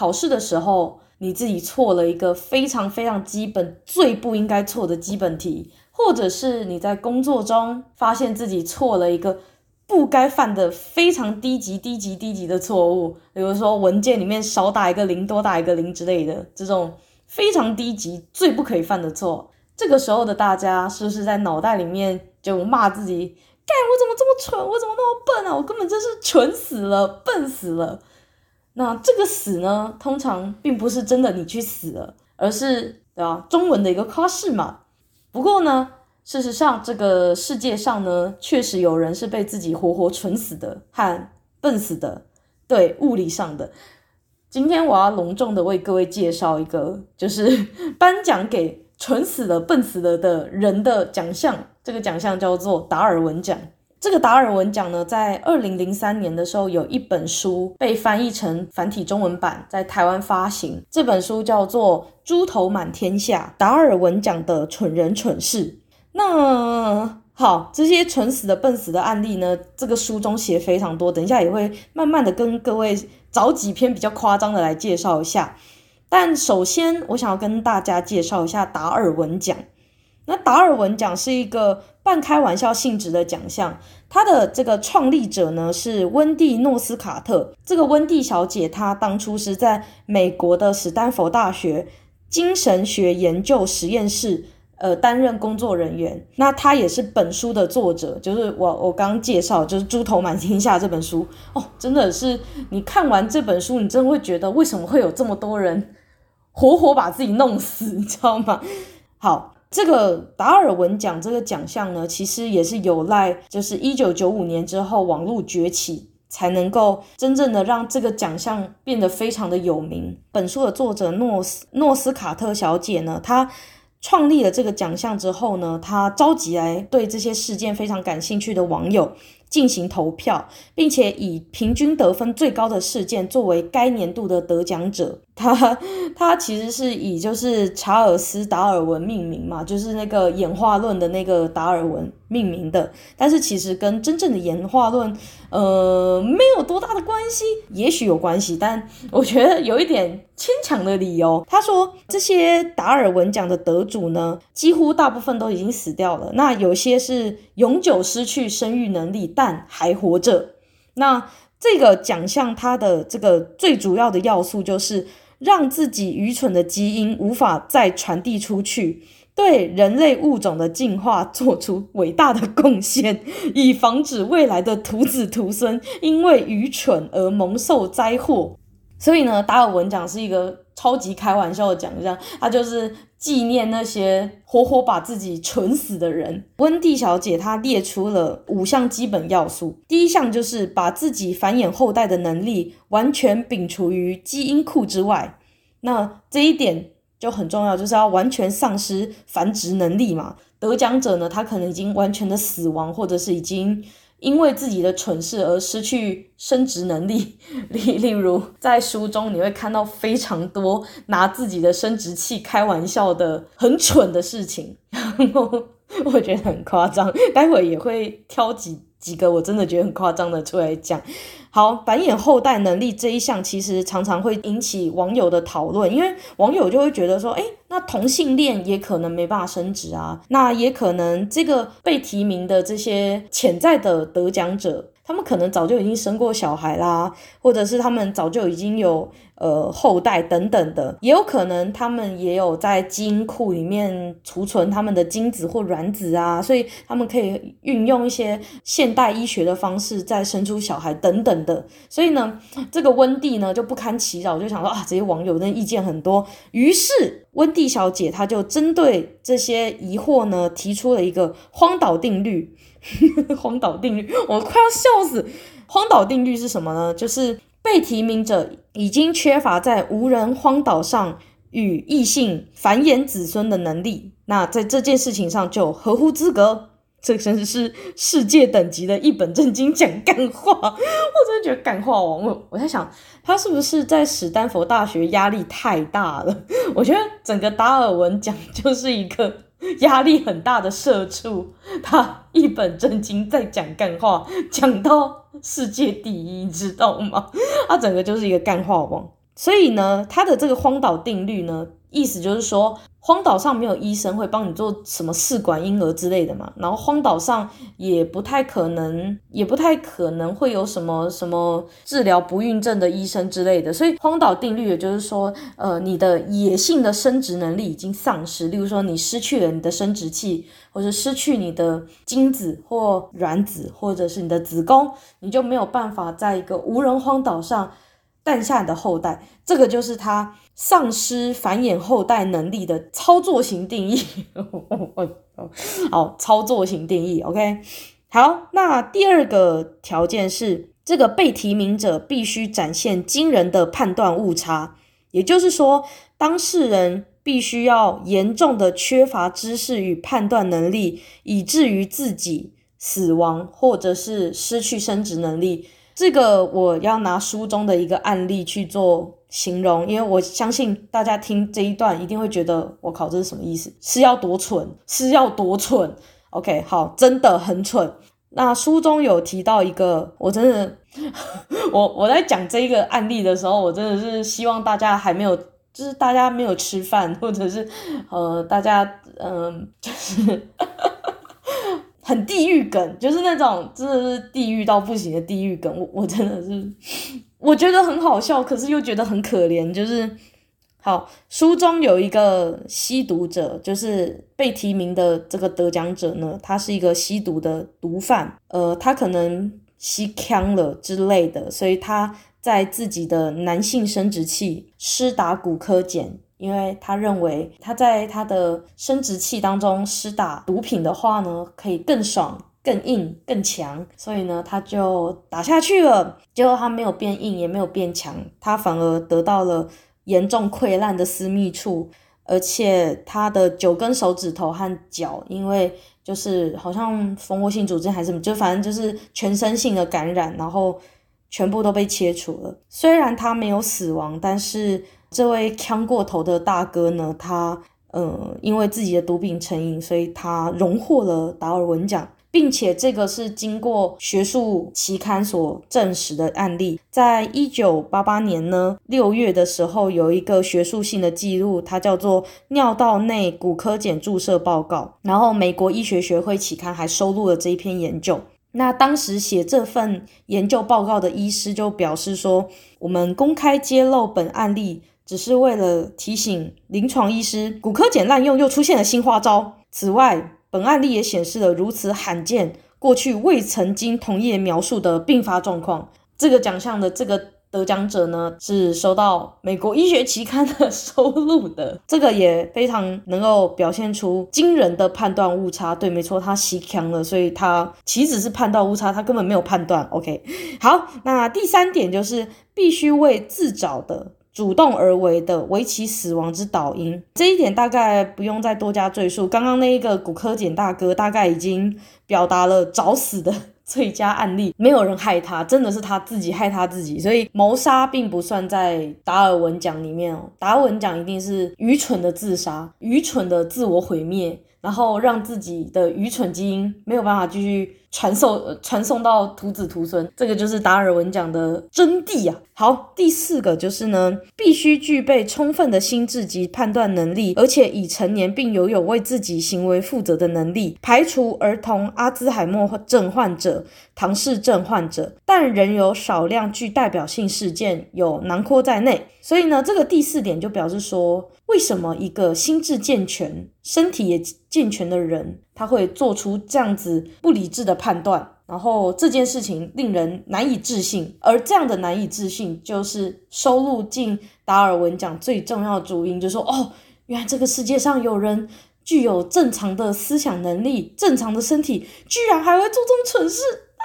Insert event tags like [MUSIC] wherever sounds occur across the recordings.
考試的時候，你自己錯了一個非常非常基本、最不應該錯的基本題，或者是你在工作中發現自己錯了一個不該犯的非常低級、低級、低級的錯誤，比如說文件裡面少打一個零、多打一個零之類的，這種非常低級、最不可以犯的錯。這個時候的大家是不是在腦袋裡面就罵自己：幹，我怎麼這麼蠢？我怎麼那麼笨啊？我根本就是蠢死了、笨死了！那這個死呢，通常並不是真的你去死了，而是啊中文的一個誇飾嘛。不過呢，事實上這個世界上呢，確實有人是被自己活活蠢死的和笨死的，對，物理上的。今天我要隆重的為各位介紹一個，就是頒獎給蠢死了、笨死的的人的獎項。這個獎項叫做達爾文獎。這個達爾文獎呢，在二零零三年的時候，有一本書被翻譯成繁體中文版，在台灣發行。這本書叫做《豬頭滿天下：達爾文獎的蠢人蠢事》。那好，這些蠢死的、笨死的案例呢，這個書中寫非常多，等一下也會慢慢的跟各位找幾篇比較誇張的來介紹一下。但首先，我想要跟大家介紹一下達爾文獎。那達爾文獎是一個半開玩笑性質的獎項，它的這個創立者呢，是溫蒂諾斯喀特。這個溫蒂小姐，她當初是在美國的史丹佛大學精神學研究實驗室呃擔任工作人員。那她也是本書的作者，就是我我剛介紹就是《豬頭滿天下》這本書哦，真的是你看完這本書，你真的會覺得為什麼會有這麼多人活活把自己弄死，你知道嗎？好。這個達爾文獎這個獎項呢，其實也是有賴，就是一九九五年之後網絡崛起，才能夠真正的讓這個獎項變得非常的有名。本書的作者諾斯諾斯喀特小姐呢，她創立了這個獎項之後呢，她召集來對這些事件非常感興趣的網友進行投票，並且以平均得分最高的事件作為該年度的得獎者。他他其實是以就是查爾斯達爾文命名嘛，就是那個演化論的那個達爾文命名的，但是其實跟真正的演化論呃沒有多大的關係，也許有關係，但我覺得有一點牽強的理由。他說這些達爾文獎的得主呢，幾乎大部分都已經死掉了，那有些是永久失去生育能力，但還活着。那這個獎項它的這個最主要的要素就是。讓自己愚蠢的基因無法再傳遞出去，對人類物種的進化做出偉大的貢獻，以防止未來的徒子徒孫因為愚蠢而蒙受災禍。所以呢，達爾文獎是一個。超級開玩笑的獎項，他就是紀念那些活活把自己蠢死的人。溫蒂小姐她列出了五項基本要素，第一項就是把自己繁衍後代的能力完全摒除於基因庫之外。那這一點就很重要，就是要完全喪失繁殖能力嘛。得獎者呢，他可能已經完全的死亡，或者是已經。因為自己的蠢事而失去生殖能力，例例如，在書中你會看到非常多拿自己的生殖器開玩笑的很蠢的事情，然後我覺得很誇張，待會也會挑幾幾個我真的覺得很誇張的出來講。好，繁衍後代能力這一項，其實常常會引起網友的討論，因為網友就會覺得說，誒、欸，那同性戀也可能沒辦法生殖啊，那也可能這個被提名的這些潛在的得獎者，他們可能早就已經生過小孩啦，或者是他們早就已經有。呃，後代等等的，也有可能他們也有在基因庫裡面儲存他們的精子或卵子啊，所以他們可以運用一些現代醫學的方式再生出小孩等等的。所以呢，這個溫蒂呢就不堪其擾，就想說啊，這些網友的意見很多，於是溫蒂小姐她就針對這些疑惑呢提出了一個荒島定律。 [LAUGHS] 荒島定律，我快要笑死。荒島定律是什麼呢？就是。被提名者已經缺乏在無人荒島上與異性繁衍子孫的能力，那在這件事情上就合乎資格。這甚至是世界等級的一本正經講幹話，我真的覺得幹話王。我我在想，他是不是在史丹佛大學壓力太大了？我覺得整個達爾文獎就是一個。壓力很大的社畜，他一本正經在講幹話，講到世界第一，你知道嗎？他、啊、整個就是一個幹話王，所以呢，他的這個荒島定律呢，意思就是說。荒島上沒有醫生會幫你做什麼試管嬰兒之類的嘛，然後荒島上也不太可能，也不太可能會有什麼什麼治療不孕症的醫生之類的。所以荒島定律也就是說，呃，你的野性的生殖能力已經喪失。例如說，你失去了你的生殖器，或者失去你的精子或卵子，或者是你的子宮，你就沒有辦法在一個無人荒島上誕下你的後代。這個就是它。喪失繁衍後代能力的操作型定義， [LAUGHS] 好，操作型定義，OK。好，那第二個條件是，這個被提名者必須展現驚人的判斷誤差，也就是說，當事人必須要嚴重的缺乏知識與判斷能力，以至於自己死亡或者是失去生殖能力。這個我要拿書中的一個案例去做形容，因為我相信大家聽這一段一定會覺得，我靠，這是什麼意思？是要多蠢？是要多蠢？OK，好，真的很蠢。那書中有提到一個，我真的，我我在講這個案例的時候，我真的是希望大家還沒有，就是大家沒有吃飯，或者是呃，大家嗯、呃，就是。很地獄梗，就是那種真的是地獄到不行的地獄梗。我我真的是，我覺得很好笑，可是又覺得很可憐。就是好，書中有一個吸毒者，就是被提名的這個得獎者呢，他是一個吸毒的毒販，呃，他可能吸嗆了之類的，所以他在自己的男性生殖器施打古柯鹼。因為他認為他在他的生殖器當中施打毒品的話呢，可以更爽，更硬、更強，所以呢，他就打下去了。結果他沒有變硬，也沒有變強，他反而得到了嚴重潰爛的私密處，而且他的九根手指頭和腳，因為就是好像蜂窩性組織還是什麼，就反正就是全身性的感染，然後全部都被切除了。雖然他沒有死亡，但是。這位鏘過頭的大哥呢，他呃、因為自己的毒品成癮，所以他榮獲了達爾文獎，並且這個是經過學術期刊所證實的案例。在一九八八年呢六月的時候，有一個學術性的記錄，它叫做《尿道內古柯鹼注射報告》，然後美國醫學學會期刊還收錄了這一篇研究。那當時寫這份研究報告的醫師就表示說：“我們公開揭露本案例。”只是為了提醒臨床醫師，骨科剪濫用又出現了新花招。此外，本案例也顯示了如此罕見、過去未曾經同業描述的併發狀況。這個獎項的這個得獎者呢，是收到美國醫學期刊的收錄的。這個也非常能夠表現出驚人的判斷誤差。對，沒錯，他襲槍了，所以他豈止是判斷誤差，他根本沒有判斷。OK，好，那第三點就是必須為自找的。主動而為的，為其死亡之導因，這一點大概不用再多加贅述。剛剛那一個骨科檢大哥大概已經表達了找死的最佳案例，沒有人害他，真的是他自己害他自己，所以謀殺並不算在達爾文獎裡面哦。達爾文獎一定是愚蠢的自殺，愚蠢的自我毀滅，然後讓自己的愚蠢基因沒有辦法繼續傳授、呃、傳送到徒子徒孫，這個就是達爾文獎的真諦呀、啊。好，第四個就是呢，必須具備充分的心智及判斷能力，而且已成年並擁有，有為自己行為負責的能力，排除兒童、阿茲海默症患者、唐氏症患者，但仍有少量具代表性事件有囊括在內。所以呢，這個第四點就表示說，為什麼一個心智健全、身體也健全的人？他會做出這樣子不理智的判斷，然後這件事情令人難以置信，而這樣的難以置信就是收錄進達爾文獎最重要的主因，就是說哦，原來這個世界上有人具有正常的思想能力、正常的身體，居然還會做這種蠢事啊！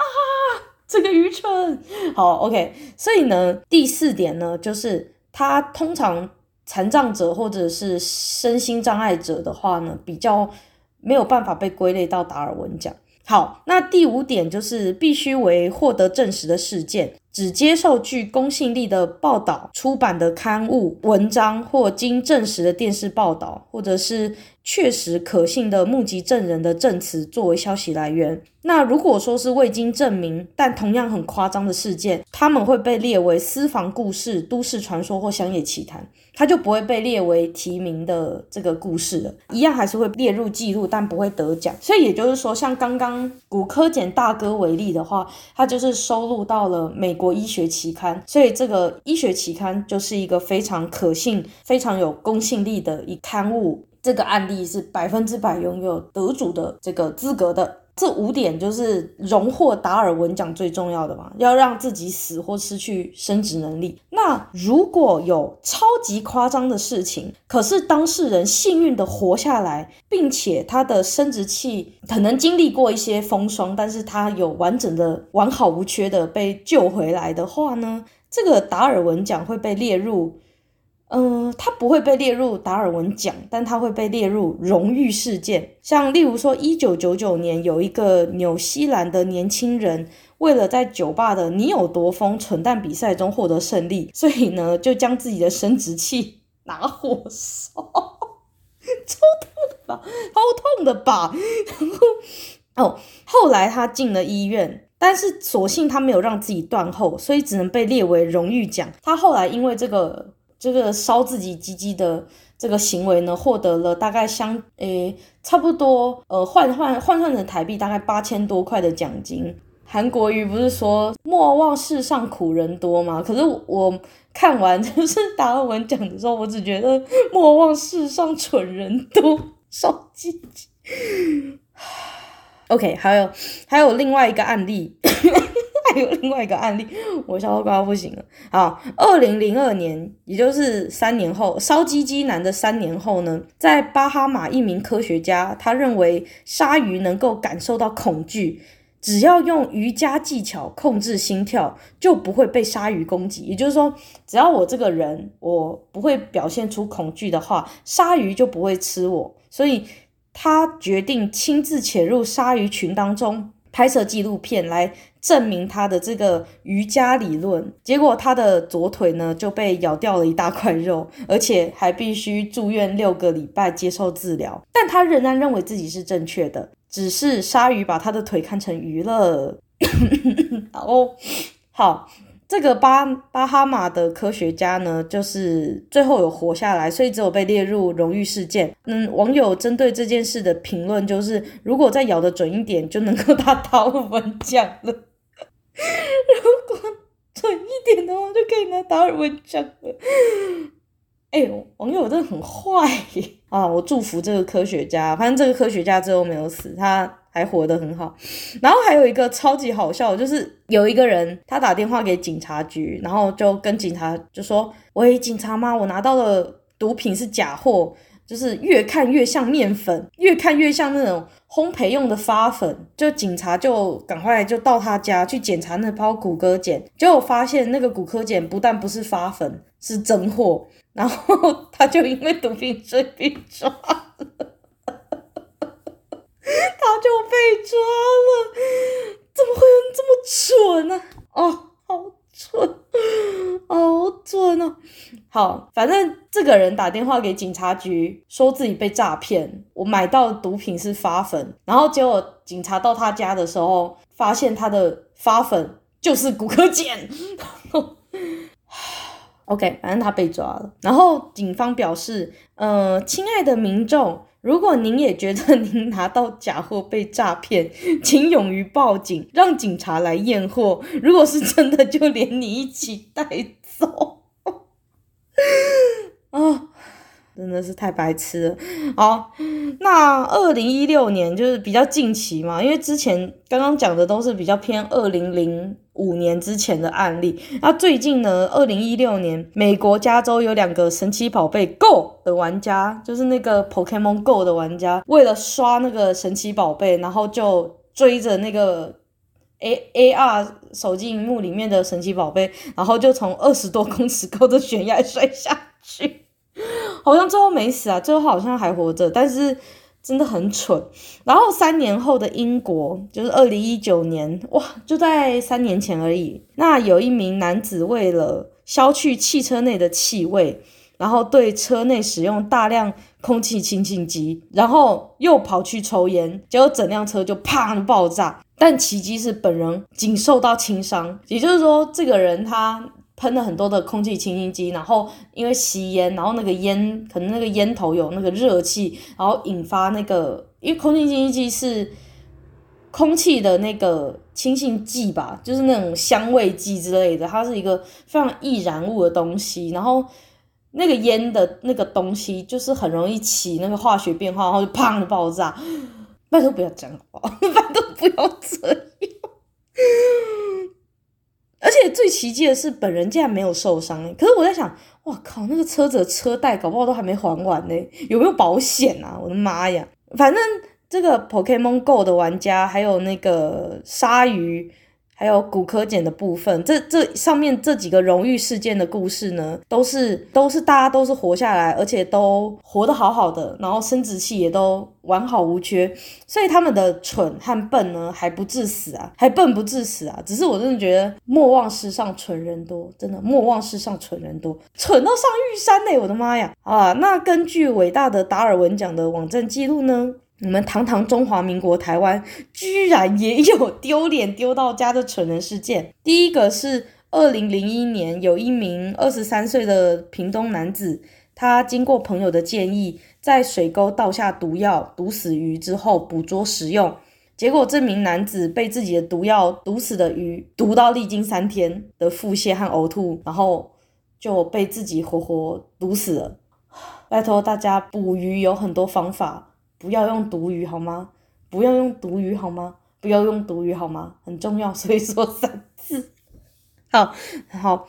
這個愚蠢。好，OK，所以呢，第四點呢，就是他通常殘障者或者是身心障礙者的話呢，比較。沒有辦法被歸類到達爾文獎。好，那第五點就是必須為獲得證實的事件，只接受具公信力的報道、出版的刊物、文章或經證實的電視報道，或者是。確實可信的目擊證人的證詞作為消息來源，那如果說是未經證明，但同樣很誇張的事件，他們會被列為私房故事、都市傳說或鄉野奇談，它就不會被列為提名的這個故事了。一樣還是會列入記錄，但不會得獎。所以也就是說，像剛剛古柯鹼大哥為例的話，他就是收錄到了美國醫學期刊。所以這個醫學期刊就是一個非常可信、非常有公信力的一刊物。這個案例是百分之百擁有得主的這個資格的。這五點就是榮獲達爾文獎最重要的嘛，要讓自己死或失去生殖能力。那如果有超級誇張的事情，可是當事人幸運的活下來，並且他的生殖器可能經歷過一些風霜，但是他有完整的、完好無缺的被救回來的話呢，這個達爾文獎會被列入。嗯、呃，他不會被列入達爾文獎，但他會被列入榮譽事件。像例如說1999，一九九九年有一個紐西蘭的年輕人，為了在酒吧的“你有多瘋，蠢蛋”比賽中獲得勝利，所以呢，就將自己的生殖器拿火燒， [LAUGHS] 超痛的吧，好痛的吧。然後， [LAUGHS] 哦，後來他進了醫院，但是所幸他沒有讓自己斷後，所以只能被列為榮譽獎。他後來因為這個。這個燒自己雞雞的這個行為呢，獲得了大概相誒、欸、差不多呃換換換換算成台幣大概八千多塊的獎金。韓國瑜不是說莫忘世上苦人多嗎？可是我，我看完就是達爾文獎的時候，我只覺得呵呵莫忘世上蠢人多，燒雞雞。 [LAUGHS] OK，還有還有另外一個案例，還有另外一個案例， [LAUGHS] 案例我笑到快要不行了。啊，二零零二年，也就是三年後，燒雞雞男的三年後呢，在巴哈馬，一名科學家他認為，鯊魚能夠感受到恐懼，只要用瑜伽技巧控制心跳，就不會被鯊魚攻擊。也就是說，只要我這個人，我不會表現出恐懼的話，鯊魚就不會吃我。所以。他決定親自潛入鯊魚群當中拍攝紀錄片，來證明他的這個瑜伽理論。結果，他的左腿呢就被咬掉了一大塊肉，而且還必須住院六個禮拜接受治療。但他仍然認為自己是正確的，只是鯊魚把他的腿看成魚了。哦， [LAUGHS] 好。這個巴巴哈馬的科學家呢，就是最後有活下來，所以只有被列入榮譽事件。嗯，網友針對這件事的評論就是：如果再咬得準一點，就能夠他拿達爾文獎了。 [LAUGHS] 如果準一點的話，就可以拿達爾文獎了。哎、欸，網友真的很壞啊！我祝福這個科學家，反正這個科學家最後沒有死，他。還活得很好，然後還有一個超級好笑，就是有一個人他打電話給警察局，然後就跟警察就說：“喂，警察嗎？我拿到的毒品是假貨，就是越看越像麵粉，越看越像那種烘焙用的發粉。”就警察就趕快就到他家去檢查那包古柯鹼，結果發現那個古柯鹼不但不是發粉，是真貨，然後他就因為毒品罪被抓了。 [LAUGHS] 他就被抓了，怎麼會有這麼蠢呢、啊？哦，好蠢，好蠢哦、啊！好，反正這個人打電話給警察局，說自己被詐騙，我買到毒品是發粉，然後結果警察到他家的時候，發現他的發粉就是古柯鹼。 [LAUGHS] OK，反正他被抓了，然後警方表示，嗯、呃，親愛的民眾。如果您也覺得您拿到假貨被詐騙，請勇於報警，讓警察來驗貨。如果是真的，就連你一起帶走。 [LAUGHS] 真的是太白痴了！好，那二零一六年就是比較近期嘛，因為之前剛剛講的都是比較偏二零零五年之前的案例。那最近呢，二零一六年，美國加州有兩個神奇寶貝 Go 的玩家，就是那個 Pokemon Go 的玩家，為了刷那個神奇寶貝，然後就追着那個 AR 手機熒幕裡面的神奇寶貝，然後就從二十多公尺高的懸崖摔下去。好像最後沒死啊，最後好像還活着，但是真的很蠢。然後三年後的英國，就是二零一九年，哇，就在三年前而已。那有一名男子為了消去汽車內的氣味，然後對車內使用大量空氣清新劑，然後又跑去抽煙，結果整輛車就啪爆炸。但奇蹟是本人僅受到輕傷，也就是說，這個人他。噴了很多的空氣清新劑，然後因為吸煙，然後那個煙可能那個煙頭有那個熱氣，然後引發那個，因為空氣清新劑是空氣的那個清新劑吧，就是那種香味劑之類的，它是一個非常易燃物的東西，然後那個煙的那個東西就是很容易起那個化學變化，然後就砰的爆炸。拜託不要講話，拜託不要這樣。 [LAUGHS] 而且最奇蹟的是，本人竟然沒有受傷。可是我在想，哇靠，那個車子車貸，搞不好都還沒還完呢，有沒有保險啊？我的媽呀！反正這個 Pokemon Go 的玩家，還有那個鯊魚。還有骨科減的部分，這這上面這幾個榮譽事件的故事呢，都是都是大家都是活下來，而且都活得好好的，然後生殖器也都完好無缺，所以他們的蠢和笨呢還不致死啊，還笨不致死啊，只是我真的覺得莫忘世上蠢人多，真的莫忘世上蠢人多，蠢到上玉山嘞、欸，我的媽呀啊！那根據偉大的達爾文獎的網站記錄呢？你們堂堂中華民國台灣，居然也有丟臉丟到家的蠢人事件。第一個是二零零一年，有一名二十三歲的屏東男子，他經過朋友的建議，在水溝倒下毒藥，毒死魚之後捕捉食用，結果這名男子被自己的毒藥毒死的魚毒到，歷經三天的腹瀉和嘔吐，然後就被自己活活毒死了。拜託大家，捕魚有很多方法。不要用毒魚好嗎？不要用毒魚好嗎？不要用毒魚好嗎？很重要，所以說三次。 [LAUGHS] 好，好，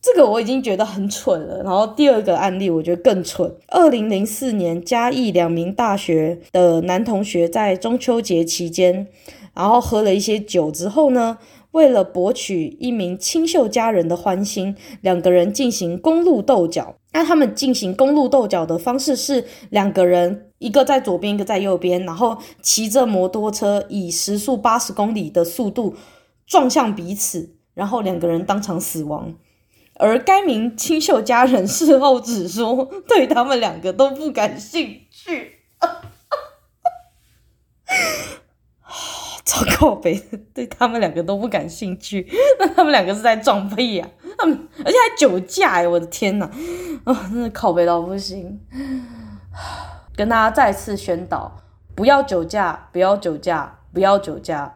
這個我已經覺得很蠢了。然後第二個案例，我覺得更蠢。二零零四年，嘉義兩名大學的男同學在中秋節期間，然後喝了一些酒之後呢，為了博取一名清秀佳人的歡心，兩個人進行公路鬥角。那他們進行公路鬥角的方式是兩個人。一個在左邊，一個在右邊，然後騎着摩托車以時速八十公里的速度撞向彼此，然後兩個人當場死亡。而該名清秀佳人事後只說 [LAUGHS] 對他們兩個都不感興趣。啊， [LAUGHS] 超靠北，對他們兩個都不感興趣。那他們兩個是在撞屁呀？他們而且還酒駕呀、欸，我的天吶，啊、哦，真的靠北到不行。跟大家再次宣導，不要酒駕，不要酒駕，不要酒駕，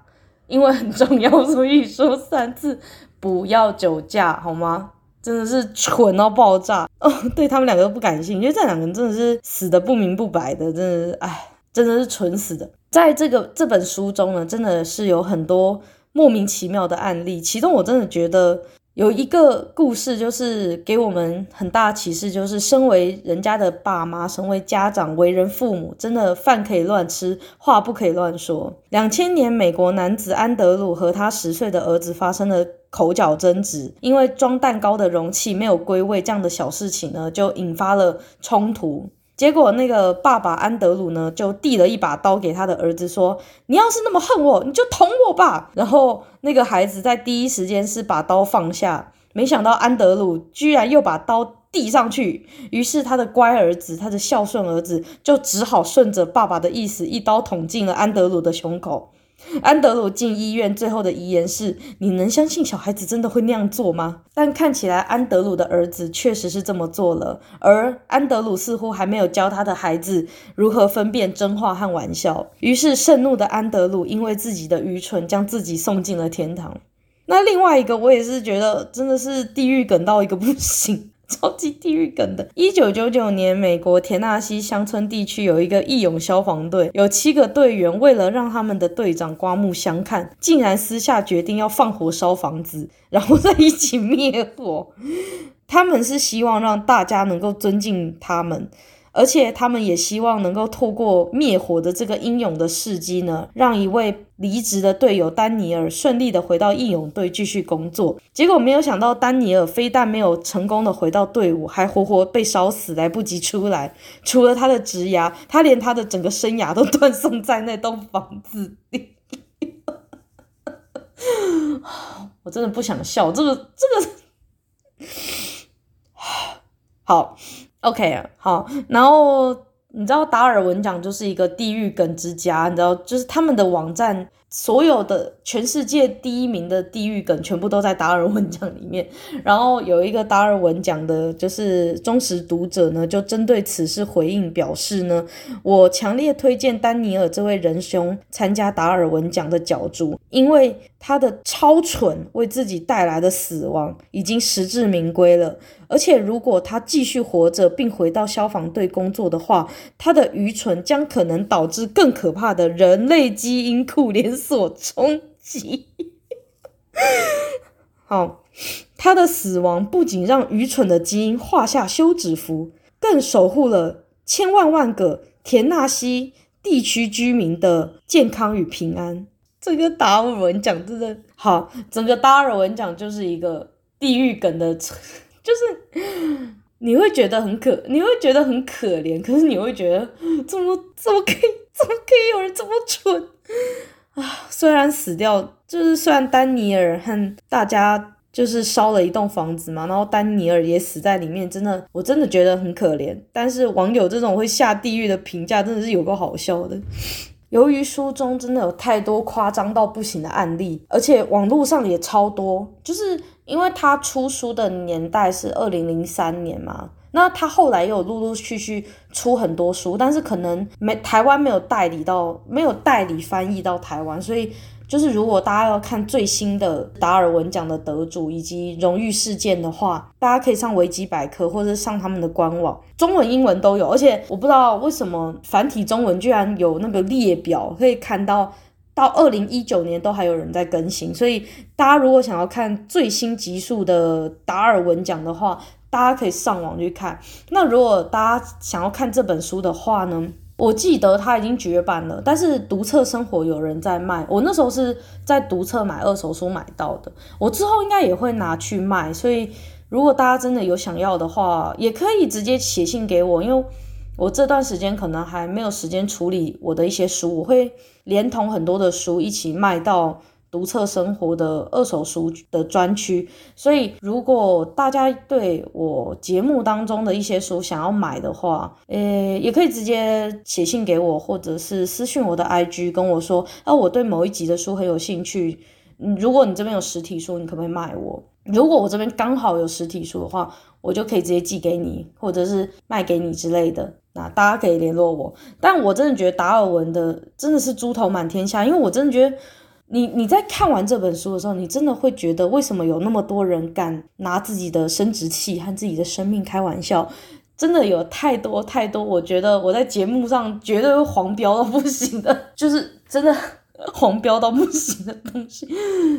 因為很重要，所以說三次，不要酒駕，好嗎？ [LAUGHS] 真的是蠢到、啊、爆炸哦！對他們兩個都不感興趣，因為這兩個人真的是死的不明不白的，真的，哎，真的是蠢死的。在這個這本書中呢，真的是有很多莫名其妙的案例，其中我真的覺得。有一個故事，就是給我們很大的啟示，就是身為人家的爸媽，身為家長，為人父母，真的飯可以亂吃，話不可以亂說。兩千年，美國男子安德魯和他十歲的兒子發生了口角爭執，因為裝蛋糕的容器沒有歸位，這樣的小事情呢，就引發了衝突。結果，那個爸爸安德魯呢，就遞了一把刀給他的兒子說，說：“你要是那麼恨我，你就捅我吧。”然後，那個孩子在第一時間是把刀放下，沒想到安德魯居然又把刀遞上去。於是，他的乖兒子，他的孝順兒子，就只好順着爸爸的意思，一刀捅進了安德魯的胸口。安德魯進醫院最後的遺言是：“你能相信小孩子真的會那樣做嗎？”但看起來安德魯的兒子確實是這麼做了，而安德魯似乎還沒有教他的孩子如何分辨真話和玩笑。於是，盛怒的安德魯因為自己的愚蠢，將自己送進了天堂。那另外一個，我也是覺得真的是地獄梗到一個不行。超級地獄梗的。一九九九年，美國田納西鄉村地區有一個義勇消防隊，有七個隊員為了讓他們的隊長刮目相看，竟然私下決定要放火燒房子，然後再一起滅火。他們是希望讓大家能夠尊敬他們。而且他們也希望能夠透過滅火的這個英勇的事蹟呢，讓一位離職的隊友丹尼爾順利的回到義勇隊繼續工作。結果沒有想到，丹尼爾非但沒有成功的回到隊伍，還活活被燒死，來不及出來。除了他的職涯，他連他的整個生涯都斷送在那棟房子裡。 [LAUGHS] 我真的不想笑，這個這個，好。OK，好，然後你知道達爾文獎就是一個地獄梗之家，你知道，就是他們的網站所有的全世界第一名的地獄梗，全部都在達爾文獎裡面。然後有一個達爾文獎的，就是忠實讀者呢，就針對此事回應表示呢，我強烈推薦丹尼爾這位仁兄參加達爾文獎的角逐，因為他的超蠢為自己帶來的死亡已經實至名歸了。而且，如果他繼續活着並回到消防隊工作的話，他的愚蠢將可能導致更可怕的人類基因庫連鎖衝擊。 [LAUGHS] 好，他的死亡不僅讓愚蠢的基因畫下休止符，更守護了千萬萬個田納西地區居民的健康與平安。這個達爾文獎真的好，整個達爾文獎就是一個地獄梗的。就是你會覺得很可，你會覺得很可憐，可是你會覺得怎麼怎麼可以，怎麼可以有人這麼蠢啊！雖然死掉，就是雖然丹尼爾和大家就是燒了一棟房子嘛，然後丹尼爾也死在裡面，真的，我真的覺得很可憐。但是網友這種會下地獄的評價，真的是有夠好笑的。由於書中真的有太多誇張到不行的案例，而且網絡上也超多，就是因為他出書的年代是二零零三年嘛，那他後來又有陸陸續續出很多書，但是可能沒，台灣沒有代理到，沒有代理翻譯到台灣，所以。就是如果大家要看最新的達爾文獎的得主以及榮譽事件的話，大家可以上維基百科或者上他們的官網，中文、英文都有。而且我不知道為什麼繁體中文居然有那個列表，可以看到到二零一九年都還有人在更新。所以大家如果想要看最新級數的達爾文獎的話，大家可以上網去看。那如果大家想要看這本書的話呢？我記得它已經絕版了，但是讀冊生活有人在賣。我那時候是在讀冊買二手書買到的，我之後應該也會拿去賣。所以如果大家真的有想要的話，也可以直接寫信給我，因為我這段時間可能還沒有時間處理我的一些書，我會連同很多的書一起賣到讀冊生活的二手書的專區，所以如果大家對我節目當中的一些書想要買的話，呃、欸，也可以直接寫信給我，或者是私訊我的 IG，跟我說，啊，我對某一集的書很有興趣。如果你這邊有實體書，你可不可以賣我？如果我這邊剛好有實體書的話，我就可以直接寄給你，或者是賣給你之類的。那大家可以聯絡我，但我真的覺得達爾文的真的是豬頭滿天下，因為我真的覺得。你你在看完這本書的時候，你真的會覺得為什麼有那麼多人敢拿自己的生殖器和自己的生命開玩笑？真的有太多太多，我覺得我在節目上絕對會黃標到不行的，就是真的黃標到不行的東西，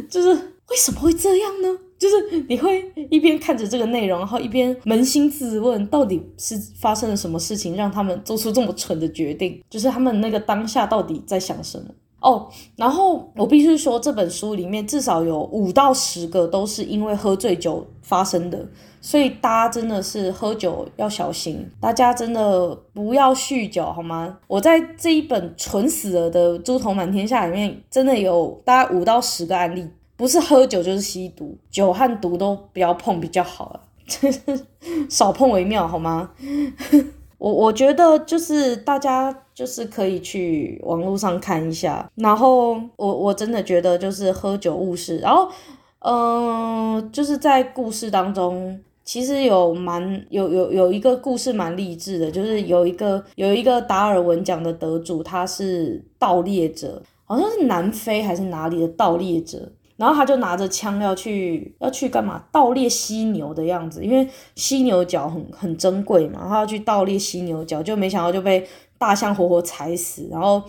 就是為什麼會這樣呢？就是你會一邊看着這個內容，然後一邊捫心自問，到底是發生了什麼事情讓他們做出這麼蠢的決定？就是他們那個當下到底在想什麼？哦，然後我必須說，這本書裡面至少有五到十個都是因為喝醉酒發生的，所以大家真的是喝酒要小心，大家真的不要酗酒，好嗎？我在這一本蠢死了的《豬頭滿天下》裡面，真的有大概五到十個案例，不是喝酒就是吸毒，酒和毒都不要碰，比較好了、啊， [LAUGHS] 少碰為妙，好嗎？ [LAUGHS] 我我覺得就是大家。就是可以去網絡上看一下，然後我我真的覺得就是喝酒誤事。然後，嗯、呃，就是在故事當中，其實有蠻有有有一個故事蠻勵志的，就是有一個有一個達爾文獎的得主，他是盜獵者，好像是南非還是哪裡的盜獵者，然後他就拿着槍要去要去幹嘛？盜獵犀牛的樣子，因為犀牛角很很珍貴嘛，他要去盜獵犀牛角，就沒想到就被。大象活活踩死，然後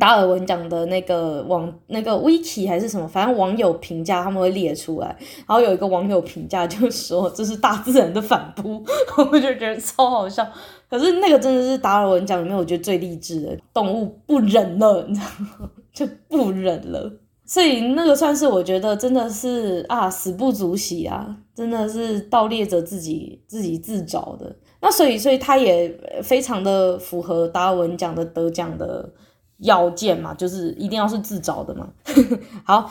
達爾文獎的那個網那個 wiki 還是什麼，反正網友評價他們會列出來。然後有一個網友評價就說：“這是大自然的反撲。”我就覺得超好笑。可是那個真的是達爾文獎裡面我覺得最勵志的，動物不忍了，你知道嗎？就不忍了。所以那個算是我覺得真的是啊，死不足惜啊，真的是盜獵者自己自己自找的。那所以，所以他也非常的符合達爾文獎的得獎的要件嘛，就是一定要是自找的嘛。 [LAUGHS] 好，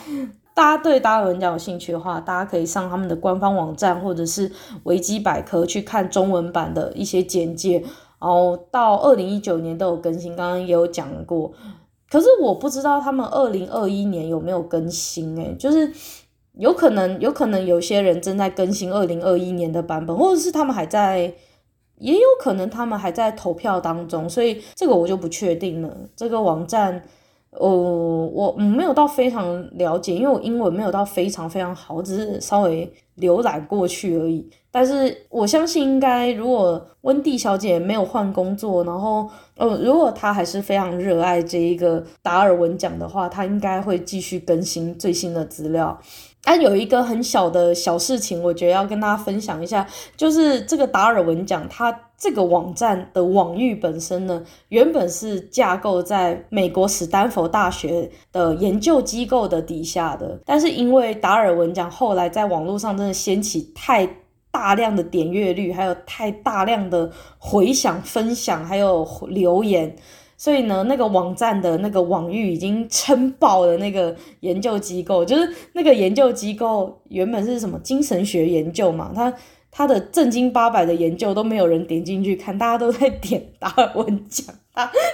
大家對達爾文獎有興趣的話，大家可以上他們的官方網站或者是維基百科去看中文版的一些簡介。然後到二零一九年都有更新，剛剛也有講過。可是我不知道他們二零二一年有沒有更新誒、欸，就是有可能，有可能有些人正在更新二零二一年的版本，或者是他們還在。也有可能他們還在投票當中，所以這個我就不確定了。這個網站，哦、呃，我沒有到非常了解，因為我英文沒有到非常非常好，我只是稍微瀏覽過去而已。但是我相信，應該如果溫蒂小姐沒有換工作，然後，呃，如果她還是非常熱愛這一個達爾文獎的話，她應該會繼續更新最新的資料。但有一個很小的小事情，我覺得要跟大家分享一下，就是這個達爾文獎，它這個網站的網域本身呢，原本是架構在美國史丹佛大學的研究機構的底下的，但是因為達爾文獎後來在網絡上真的掀起太大量的點閱率，還有太大量的回響、分享，還有留言。所以呢，那個網站的那個網域已經撐爆了。那個研究機構就是那個研究機構原本是什麼精神學研究嘛，他他的正經八百的研究都沒有人點進去看，大家都在點達爾文獎，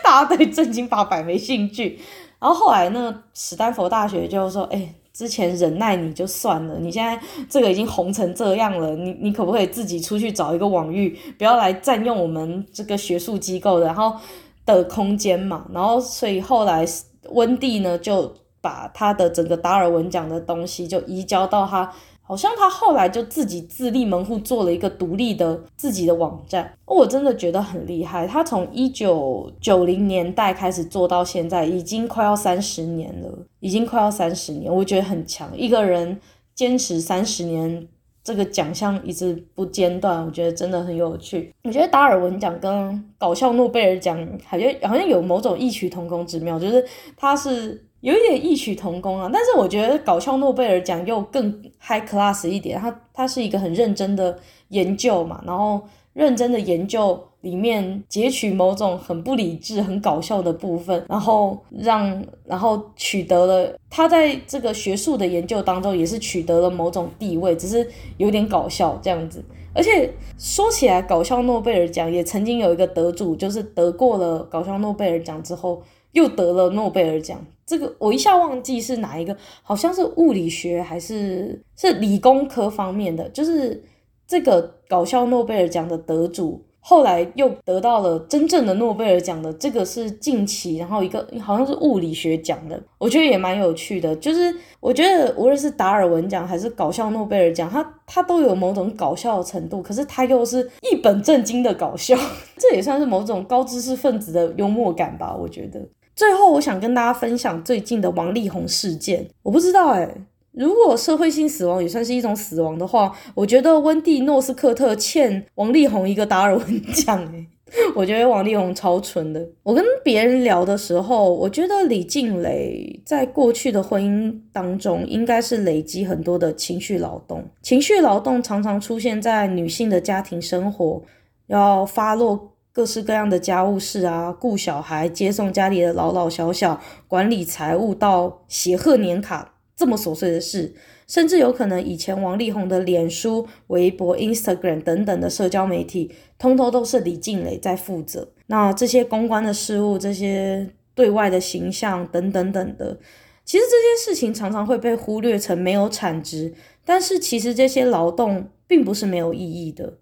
大家對正經八百沒興趣。然後後來那史丹佛大學就說：“誒、欸，之前忍耐你就算了，你現在這個已經紅成這樣了，你你可不可以自己出去找一個網域，不要來佔用我們這個學術機構的？”然後。的空間嘛，然後所以後來溫蒂呢就把他的整個達爾文獎的東西就移交到他。好像他後來就自己自立門戶做了一個獨立的自己的網站，oh, 我真的覺得很厲害。他從一九九零年代開始做到現在已經快要三十年了，已經快要三十年，我覺得很強，一個人堅持三十年。這個獎項一直不間斷，我覺得真的很有趣。我覺得達爾文獎跟搞笑諾貝爾獎，好像好像有某種異曲同工之妙，就是它是有一點異曲同工啊。但是我覺得搞笑諾貝爾獎又更 high class 一點，它它是一個很認真的研究嘛，然後認真的研究。裡面截取某種很不理智、很搞笑的部分，然後讓然後取得了他在這個學術的研究當中也是取得了某種地位，只是有點搞笑這樣子。而且說起來，搞笑諾貝爾獎也曾經有一個得主，就是得過了搞笑諾貝爾獎之後又得了諾貝爾獎。這個我一下忘記是哪一個，好像是物理學還是是理工科方面的，就是這個搞笑諾貝爾獎的得主。後來又得到了真正的諾貝爾獎的，這個是近期，然後一個好像是物理學獎的，我覺得也蠻有趣的。就是我覺得無論是達爾文獎還是搞笑諾貝爾獎，它它都有某種搞笑的程度，可是它又是一本正經的搞笑， [LAUGHS] 這也算是某種高知識分子的幽默感吧。我覺得，最後我想跟大家分享最近的王力宏事件，我不知道哎、欸。如果社會性死亡也算是一種死亡的話，我覺得溫蒂諾斯喀特欠王力宏一個達爾文獎。哎，我覺得王力宏超蠢的。我跟別人聊的時候，我覺得李靜蕾在過去的婚姻當中應該是累積很多的情緒勞動。情緒勞動常常出現在女性的家庭生活，要發落各式各樣的家務事啊，顧小孩、接送家裡的老老小小，管理財務到寫賀年卡。這麼瑣碎的事，甚至有可能以前王力宏的臉書、微博、Instagram 等等的社交媒體，通通都是李靜蕾在負責。那這些公關的事務、這些對外的形象等等等等的，其實這些事情常常會被忽略成沒有產值，但是其實這些勞動並不是沒有意義的。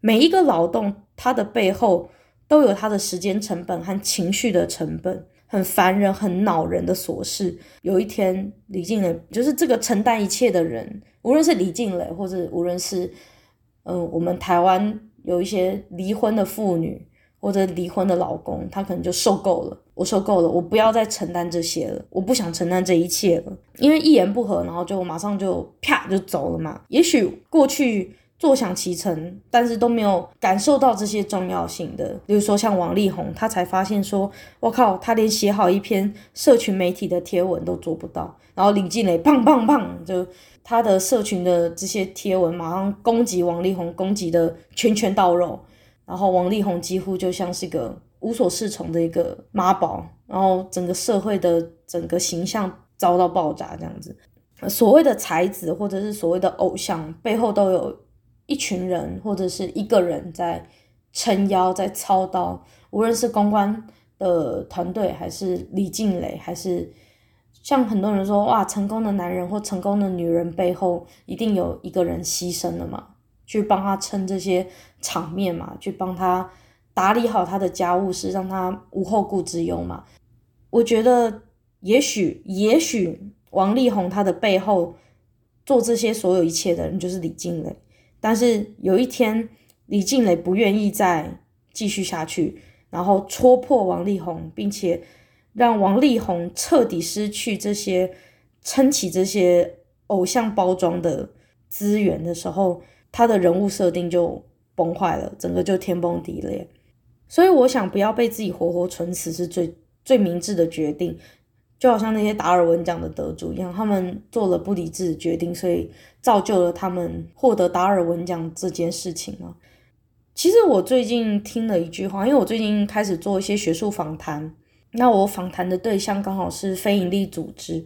每一個勞動，它的背後都有它的時間成本和情緒的成本。很煩人、很惱人的瑣事。有一天，李靜蕾就是這個承擔一切的人，無論是李靜蕾，或者無論是嗯、呃，我們台灣有一些離婚的婦女，或者離婚的老公，他可能就受夠了。我受夠了，我不要再承擔這些了，我不想承擔這一切了。因為一言不合，然後就馬上就啪就走了嘛。也許過去。坐享其成，但是都沒有感受到這些重要性的。比如說像王力宏，他才發現說，我靠，他連寫好一篇社群媒體的貼文都做不到。然後李靚蕾，棒棒棒，就他的社群的這些貼文，馬上攻擊王力宏，攻擊的拳拳到肉。然後王力宏幾乎就像是一個無所適從的一個媽寶。然後整個社會的整個形象遭到爆炸這樣子。所謂的才子或者是所謂的偶像，背後都有。一群人或者是一個人在撐腰，在操刀，無論是公關的團隊，還是李靜蕾，還是像很多人說，哇，成功的男人或成功的女人背後一定有一個人犧牲了嘛，去幫他撐這些場面嘛，去幫他打理好他的家務事，讓他無後顧之憂嘛。我覺得，也許，也許王力宏他的背後做這些所有一切的人就是李靜蕾。但是有一天，李靚蕾不願意再繼續下去，然後戳破王力宏，並且讓王力宏徹底失去這些撐起這些偶像包裝的資源的時候，他的人物設定就崩壞了，整個就天崩地裂。所以我想，不要被自己活活蠢死是最最明智的決定。就好像那些達爾文獎的得主一樣，他們做了不理智的決定，所以。造就了他們獲得達爾文獎這件事情啊。其實我最近聽了一句話，因為我最近開始做一些學術訪談，那我訪談的對象剛好是非營利組織，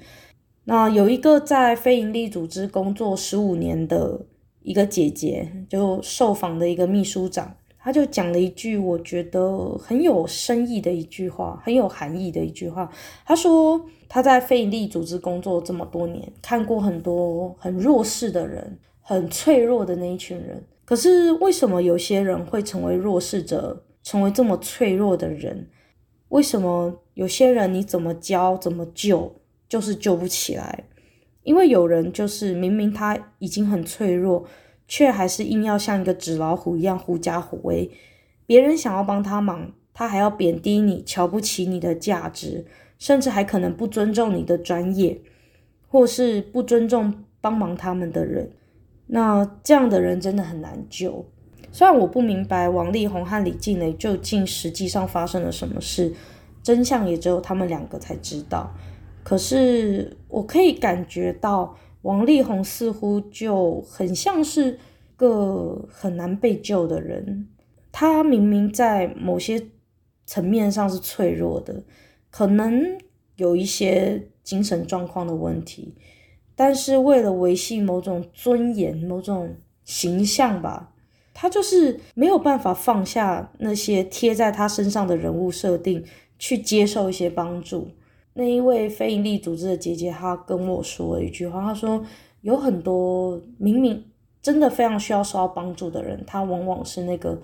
那有一個在非營利組織工作十五年的一個姐姐，就受訪的一個秘書長。他就講了一句我覺得很有深意的一句話，很有含義的一句話。他說他在非營利組織工作這麼多年，看過很多很弱勢的人，很脆弱的那一群人。可是為什麼有些人會成為弱勢者，成為這麼脆弱的人？為什麼有些人你怎麼教怎麼救就是救不起來？因為有人就是明明他已經很脆弱。卻還是硬要像一個紙老虎一樣狐假虎威，別人想要幫他忙，他還要貶低你、瞧不起你的價值，甚至還可能不尊重你的專業，或是不尊重幫忙他們的人。那這樣的人真的很難救。雖然我不明白王力宏和李靚蕾究竟實際上發生了什麼事，真相也只有他們兩個才知道。可是我可以感覺到。王力宏似乎就很像是個很難被救的人，他明明在某些層面上是脆弱的，可能有一些精神狀況的問題，但是為了維繫某種尊嚴、某種形象吧，他就是沒有辦法放下那些貼在他身上的人物設定，去接受一些幫助。那一位非營利組織的姐姐，她跟我說了一句話，她說：“有很多明明真的非常需要受到幫助的人，他往往是那個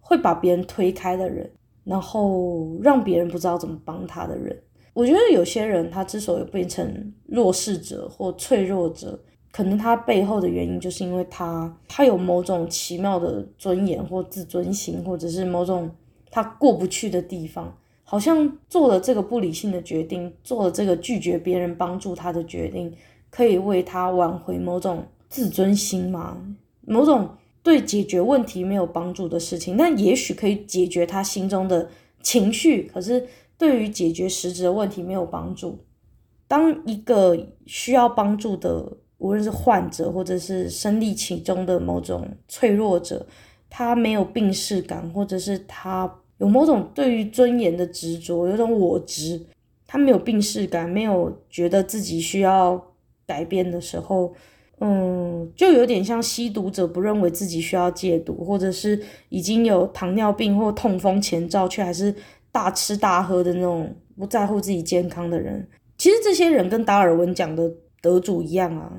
會把別人推開的人，然後讓別人不知道怎麼幫他的人。”我覺得有些人他之所以變成弱勢者或脆弱者，可能他背後的原因，就是因為他他有某種奇妙的尊嚴或自尊心，或者是某種他過不去的地方。好像做了這個不理性的決定，做了這個拒絕別人幫助他的決定，可以為他挽回某種自尊心嗎？某種對解決問題沒有幫助的事情，但也許可以解決他心中的情緒。可是對於解決實質的問題沒有幫助。當一個需要幫助的，無論是患者或者是身歷其中的某種脆弱者，他沒有病識感，或者是他。有某種對於尊嚴的執着，有種我執，他沒有病識感，沒有覺得自己需要改變的時候，嗯，就有點像吸毒者不認為自己需要戒毒，或者是已經有糖尿病或痛風前兆卻還是大吃大喝的那種不在乎自己健康的人。其實這些人跟達爾文獎的得主一樣啊，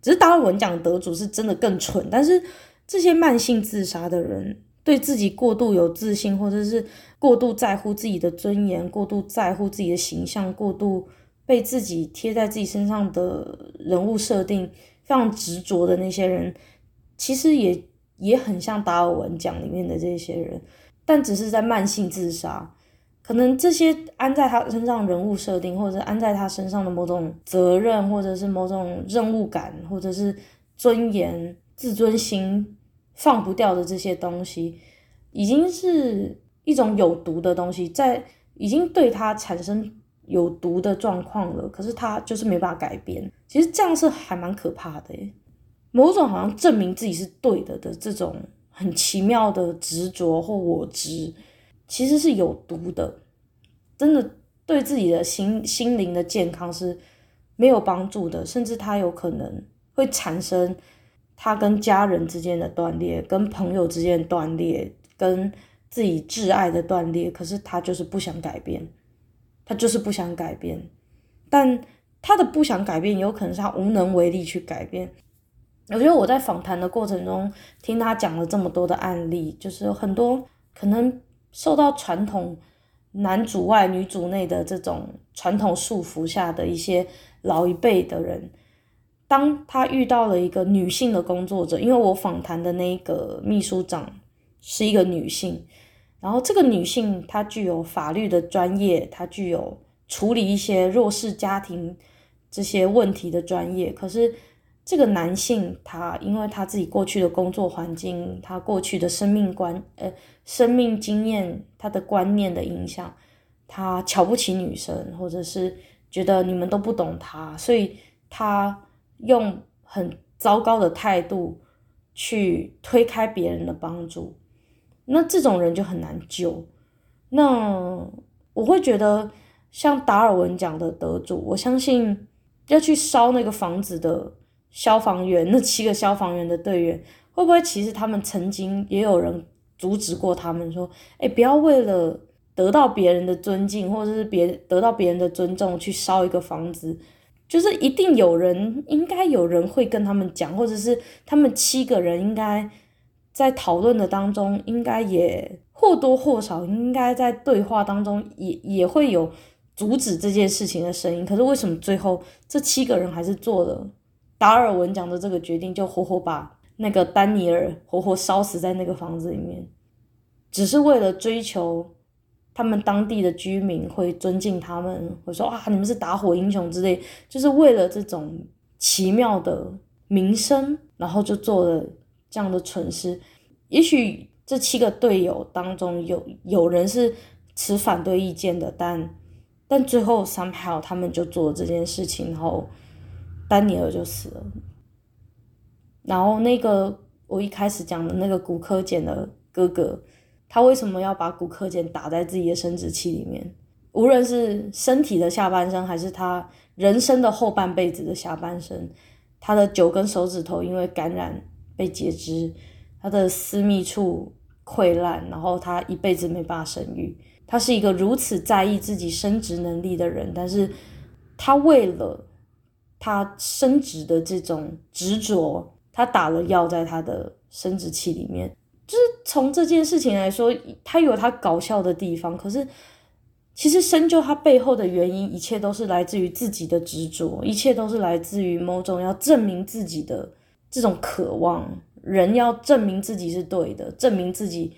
只是達爾文獎的得主是真的更蠢，但是這些慢性自殺的人。對自己過度有自信，或者是過度在乎自己的尊嚴，過度在乎自己的形象，過度被自己貼在自己身上的人物設定非常執着的那些人，其實也也很像達爾文獎裡面的這些人，但只是在慢性自殺。可能這些安在他身上的人物設定，或者安在他身上的某種責任，或者是某種任務感，或者是尊嚴、自尊心。放不掉的這些東西，已經是一種有毒的東西，在已經對它產生有毒的狀況了。可是它就是沒辦法改變，其實這樣是還蠻可怕的。哎，某種好像證明自己是對的的這種很奇妙的執着或我執，其實是有毒的，真的對自己的心心靈的健康是沒有幫助的，甚至它有可能會產生。他跟家人之間的斷裂，跟朋友之間的斷裂，跟自己摯愛的斷裂，可是他就是不想改變，他就是不想改變。但他的不想改變，有可能是他無能為力去改變。我覺得我在訪談的過程中，聽他講了這麼多的案例，就是很多可能受到傳統男主外女主內的這種傳統束縛下的一些老一輩的人。當他遇到了一個女性的工作者，因為我訪談的那個秘書長是一個女性，然後這個女性她具有法律的專業，她具有處理一些弱勢家庭這些問題的專業。可是這個男性他因為他自己過去的工作環境，他過去的生命觀呃生命經驗，他的觀念的影響，他瞧不起女生，或者是覺得你們都不懂他，所以他。用很糟糕的態度去推開別人的幫助，那這種人就很難救。那我會覺得，像達爾文獎的得主，我相信要去燒那個房子的消防員，那七個消防員的隊員，會不會其實他們曾經也有人阻止過他們，說：“哎、欸，不要為了得到別人的尊敬，或者是別得到別人的尊重，去燒一個房子。”就是一定有人，應該有人會跟他們講，或者是他們七個人應該在討論的當中，應該也或多或少應該在對話當中也也會有阻止這件事情的聲音。可是為什麼最後這七個人還是做了達爾文獎的這個決定，就活活把那個丹尼爾活活燒死在那個房子裡面，只是為了追求？他們當地的居民會尊敬他們，會說啊，你們是打火英雄之類，就是為了這種奇妙的名聲，然後就做了這樣的蠢事。也許這七個隊友當中有有人是持反對意見的，但但最後三 o 他們就做了這件事情，然後丹尼爾就死了。然後那個我一開始講的那個骨科撿的哥哥。他為什麼要把古柯鹼打在自己的生殖器裡面？無論是身體的下半身，還是他人生的後半輩子的下半生，他的九根手指頭因為感染被截肢，他的私密處潰爛，然後他一輩子沒辦法生育。他是一個如此在意自己生殖能力的人，但是他為了他生殖的這種執着，他打了藥在他的生殖器裡面。就是從這件事情來說，他有他搞笑的地方。可是，其實深究它背後的原因，一切都是來自於自己的執着，一切都是來自於某種要證明自己的這種渴望。人要證明自己是對的，證明自己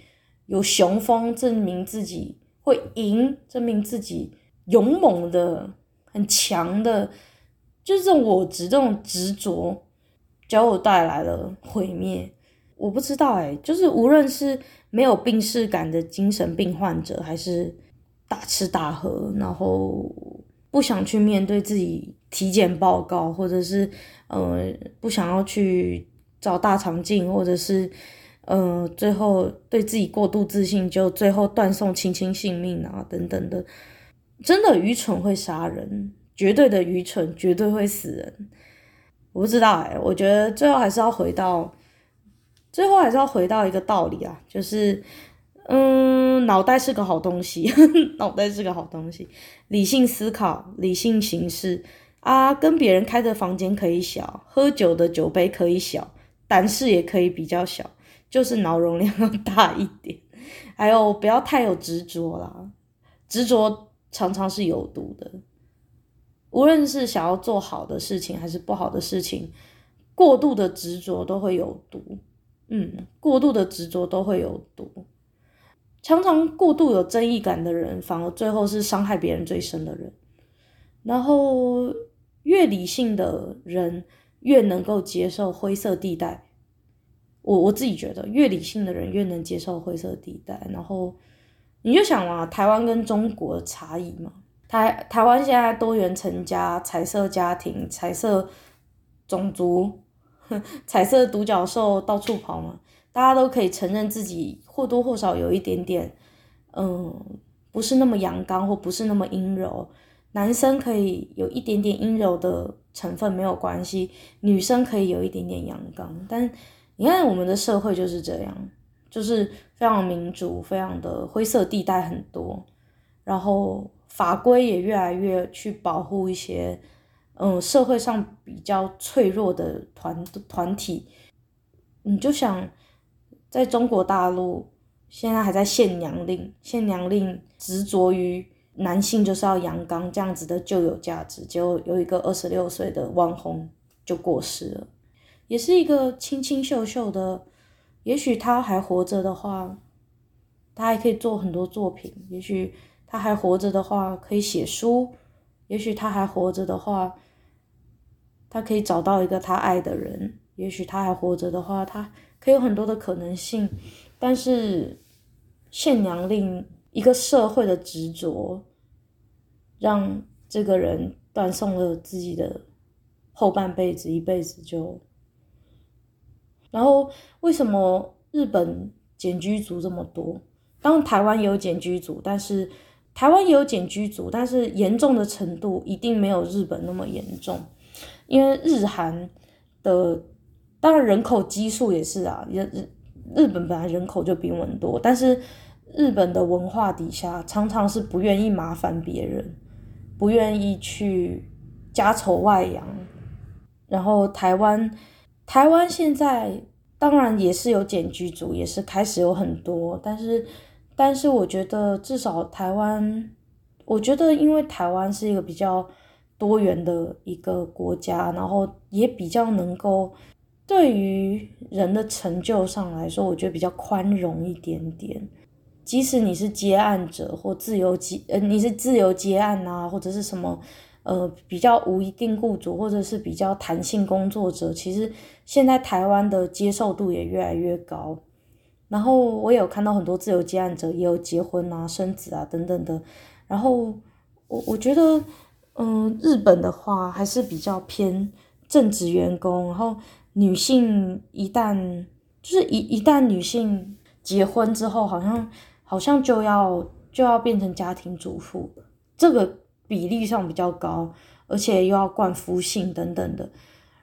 有雄風，證明自己會贏，證明自己勇猛的、很強的，就是這種我執、這種執着，給我帶來了毀滅。我不知道哎、欸，就是無論是沒有病識感的精神病患者，還是大吃大喝，然後不想去面對自己體檢報告，或者是嗯、呃，不想要去找大腸鏡，或者是嗯、呃，最後對自己過度自信，就最後斷送卿卿性命啊等等的，真的愚蠢會殺人，絕對的愚蠢絕對會死人。我不知道哎、欸，我覺得最後還是要回到。最後還是要回到一個道理啊，就是，嗯，腦袋是個好東西，腦袋是個好東西，理性思考，理性行事啊。跟別人開的房間可以小，喝酒的酒杯可以小，膽識也可以比較小，就是腦容量要大一點。還有，不要太有執着啦，執着常常是有毒的。無論是想要做好的事情還是不好的事情，過度的執着都會有毒。嗯，過度的執着都會有毒。常常過度有爭議感的人，反而最後是傷害別人最深的人。然後越理性的人，越能夠接受灰色地帶。我我自己覺得，越理性的人越能接受灰色地帶。然後你就想、啊、台灣跟中國的差異嘛，台灣跟中國的差異嘛，台台灣現在多元成家，彩色家庭，彩色種族。 [LAUGHS] 彩色獨角獸到處跑嘛，大家都可以承認自己或多或少有一點點，嗯，不是那麼陽剛或不是那麼陰柔。男生可以有一點點陰柔的成分沒有關係，女生可以有一點點陽剛。但你看我們的社會就是這樣，就是非常民主，非常的灰色地帶很多，然後法規也越來越去保護一些。嗯，社會上比較脆弱的團團體，你就想在中國大陸現在還在限娘令，限娘令執着於男性就是要陽剛這樣子的就有價值，結果有一個二十六歲的網紅就過世了，也是一個清清秀秀的，也許他還活着的話，他還可以做很多作品，也許他還活着的話可以寫書，也許他還活着的話。他可以找到一個他愛的人，也許他還活着的話，他可以有很多的可能性。但是限娘令，一個社會的執着，讓這個人斷送了自己的後半輩子，一輩子就。然後，為什麼日本繭居族這麼多？當然，台灣也有繭居族，但是台灣也有繭居族，但是嚴重的程度一定沒有日本那麼嚴重。因為日韓的當然人口基數也是啊，日日日本本來人口就比我們多，但是日本的文化底下常常是不願意麻煩別人，不願意去家醜外揚。然後台灣，台灣現在當然也是有繭居族，也是開始有很多，但是但是我覺得至少台灣，我覺得因為台灣是一個比較。多元的一個國家，然後也比較能夠對於人的成就上來說，我覺得比較寬容一點點。即使你是接案者或自由接呃，你是自由接案啊，或者是什麼呃比較無一定雇主或者是比較彈性工作者，其實現在台灣的接受度也越來越高。然後我有看到很多自由接案者也有結婚啊、生子啊等等的。然後我我覺得。嗯，日本的話還是比較偏正職員工，然後女性一旦就是一一旦女性結婚之後，好像好像就要就要變成家庭主婦，這個比例上比較高，而且又要冠夫姓等等的。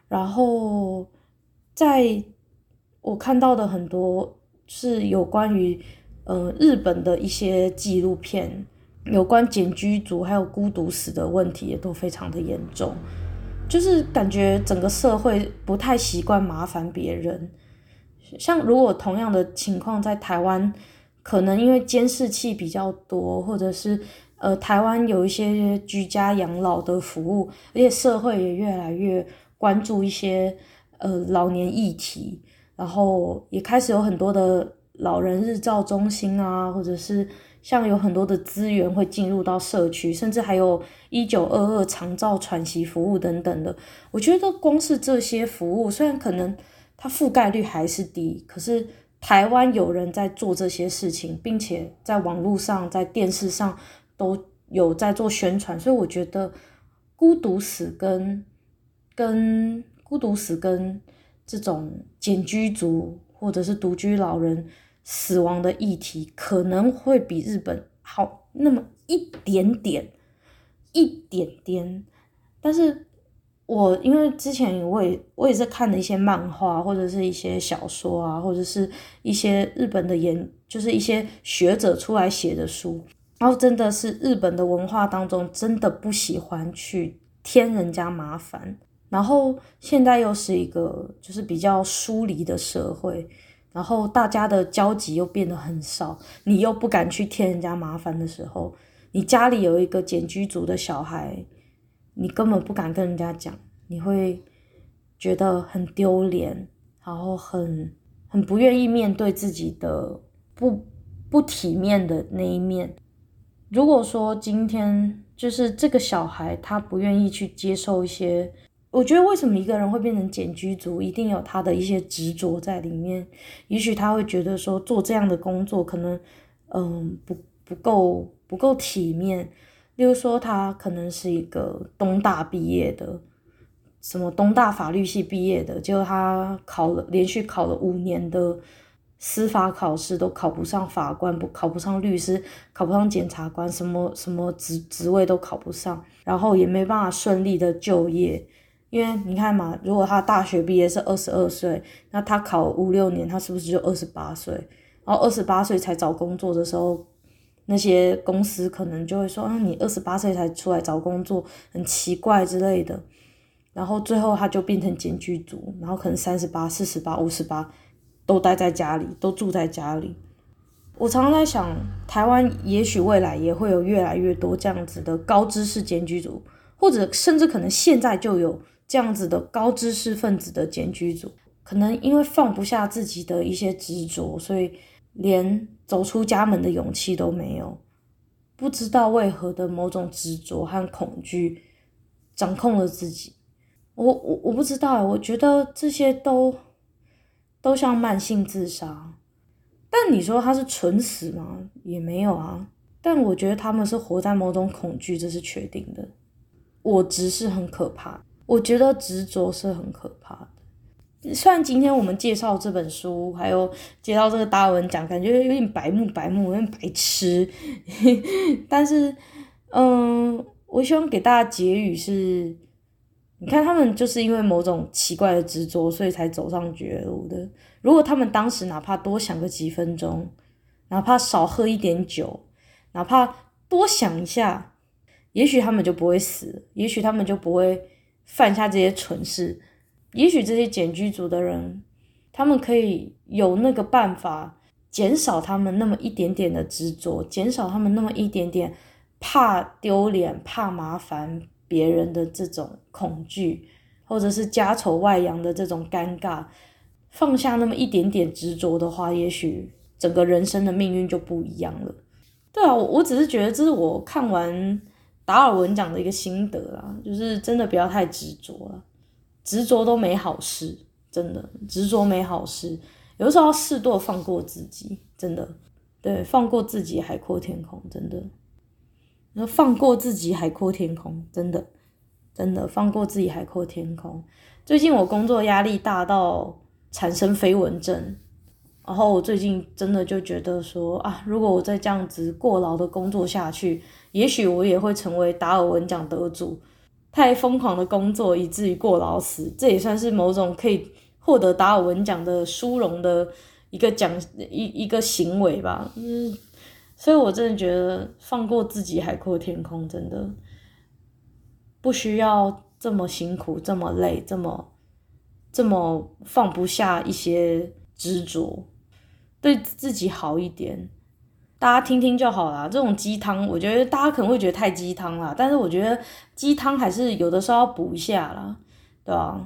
然後，在我看到的很多是有關於嗯、呃、日本的一些紀錄片。有關繭居族還有孤獨死的問題也都非常的嚴重，就是感覺整個社會不太習慣麻煩別人。像如果同樣的情況在台灣，可能因為監視器比較多，或者是呃台灣有一些居家養老的服務，而且社會也越來越關注一些呃老年議題，然後也開始有很多的老人日照中心啊，或者是。像有很多的資源會進入到社區，甚至還有“一九二二”長照喘息服務等等的。我覺得光是這些服務，雖然可能它覆蓋率還是低，可是台灣有人在做這些事情，並且在網絡上、在電視上都有在做宣傳，所以我覺得孤獨死跟跟孤獨死跟這種繭居族或者是獨居老人。死亡的議題可能會比日本好那麼一點點，一點點。但是我，我因為之前我也我也是看了一些漫畫，或者是一些小說啊，或者是一些日本的研，就是一些學者出來寫的書。然後，真的是日本的文化當中，真的不喜歡去添人家麻煩。然後，現在又是一個就是比較疏離的社會。然後大家的交集又變得很少，你又不敢去添人家麻煩的時候，你家裡有一個繭居族的小孩，你根本不敢跟人家講，你會覺得很丟臉，然後很很不願意面對自己的不不體面的那一面。如果說今天就是這個小孩，他不願意去接受一些。我覺得為什麼一個人會變成繭居族？一定有他的一些執着在裡面。也許他會覺得說，做這樣的工作可能，嗯，不不夠不夠體面。例如說，他可能是一個東大畢業的，什麼東大法律系畢業的，結果他考了連續考了五年的司法考試，都考不上法官，不考不上律師，考不上檢察官，什麼什麼職職位都考不上，然後也沒辦法順利的就業。因為你看嘛，如果他大學畢業是二十二歲，那他考五六年，他是不是就二十八歲？然後二十八歲才找工作的時候，那些公司可能就會說：“啊，你二十八歲才出來找工作，很奇怪之類的。”然後最後他就變成繭居族，然後可能三十八、四十八、五十八都待在家裡，都住在家裡。我常常在想，台灣也許未來也會有越來越多這樣子的高知識繭居族，或者甚至可能現在就有。這樣子的高知識分子的繭居族，可能因為放不下自己的一些執着，所以連走出家門的勇氣都沒有。不知道為何的某種執着和恐懼掌控了自己。我我我不知道啊，我覺得這些都都像慢性自殺。但你說他是尋死嗎？也沒有啊。但我覺得他們是活在某種恐懼，這是確定的。我執是很可怕。我覺得執着是很可怕的。雖然今天我們介紹這本書，還有介紹這個達爾文獎，感覺有點白目白目，有點白痴。 [LAUGHS] 但是，嗯，我希望給大家結語是：你看他們就是因為某種奇怪的執着，所以才走上絕路的。如果他們當時哪怕多想個幾分鐘，哪怕少喝一點酒，哪怕多想一下，也許他們就不會死，也許他們就不會。犯下這些蠢事，也許這些剪劇組的人，他們可以有那個辦法，減少他們那麼一點點的執着，減少他們那麼一點點怕丟臉、怕麻煩別人的這種恐懼，或者是家醜外揚的這種尷尬，放下那麼一點點執着的話，也許整個人生的命運就不一樣了。對啊，我我只是覺得，這是我看完。達爾文講的一個心得啦，就是真的不要太執着了，執着都沒好事，真的執着沒好事。有時候要適度放過自己，真的，對，放過自己海闊天空，真的。然後放過自己海闊天空，真的，真的放過自己海闊天空。最近我工作壓力大到產生飛蚊症，然後我最近真的就覺得說啊，如果我再這樣子過勞的工作下去。也許我也會成為達爾文獎得主，太瘋狂的工作以至於過勞死，這也算是某種可以獲得達爾文獎的殊榮的一個獎一一個行為吧。嗯，所以我真的覺得放過自己，海闊天空，真的不需要這麼辛苦，這麼累，這麼這麼放不下一些執着，對自己好一點。大家聽聽就好了，這種雞湯，我覺得大家可能會覺得太雞湯啦。但是我覺得雞湯還是有的時候要補一下啦，對啊，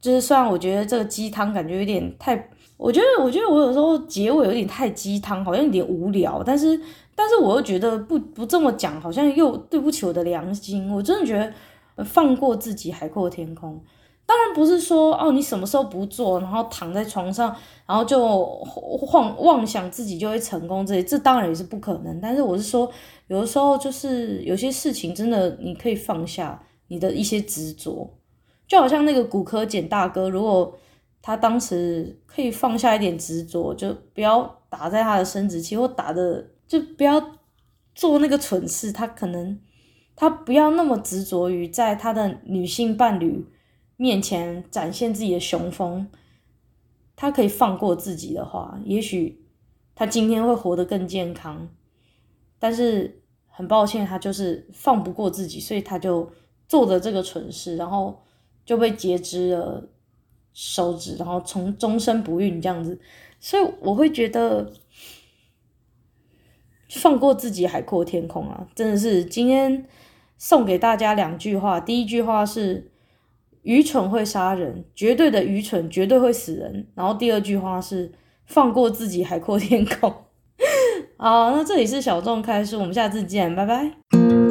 就是雖然我覺得這個雞湯感覺有點太，我覺得，我覺得我有時候結尾有點太雞湯，好像有點無聊。但是，但是我又覺得不不這麼講，好像又對不起我的良心。我真的覺得放過自己，海闊天空。當然不是說哦，你什麼時候不做，然後躺在床上，然後就妄妄想自己就會成功，這些這當然也是不可能。但是我是說，有的時候就是有些事情真的你可以放下你的一些執着，就好像那個骨科簡大哥，如果他當時可以放下一點執着，就不要打在他的生殖器，或打的就不要做那個蠢事，他可能他不要那麼執着於在他的女性伴侶，面前展現自己的雄風，他可以放過自己的話，也許他今天會活得更健康。但是很抱歉，他就是放不過自己，所以他就做的這個蠢事，然後就被截肢了手指，然後從終身不孕這樣子。所以我會覺得，放過自己，海闊天空啊！真的是今天送給大家兩句話，第一句話是。愚蠢會殺人，絕對的愚蠢，絕對會死人。然後第二句話是放過自己，海闊天空。 [LAUGHS] 好，那這裡是小眾開書，我們下次見，拜拜。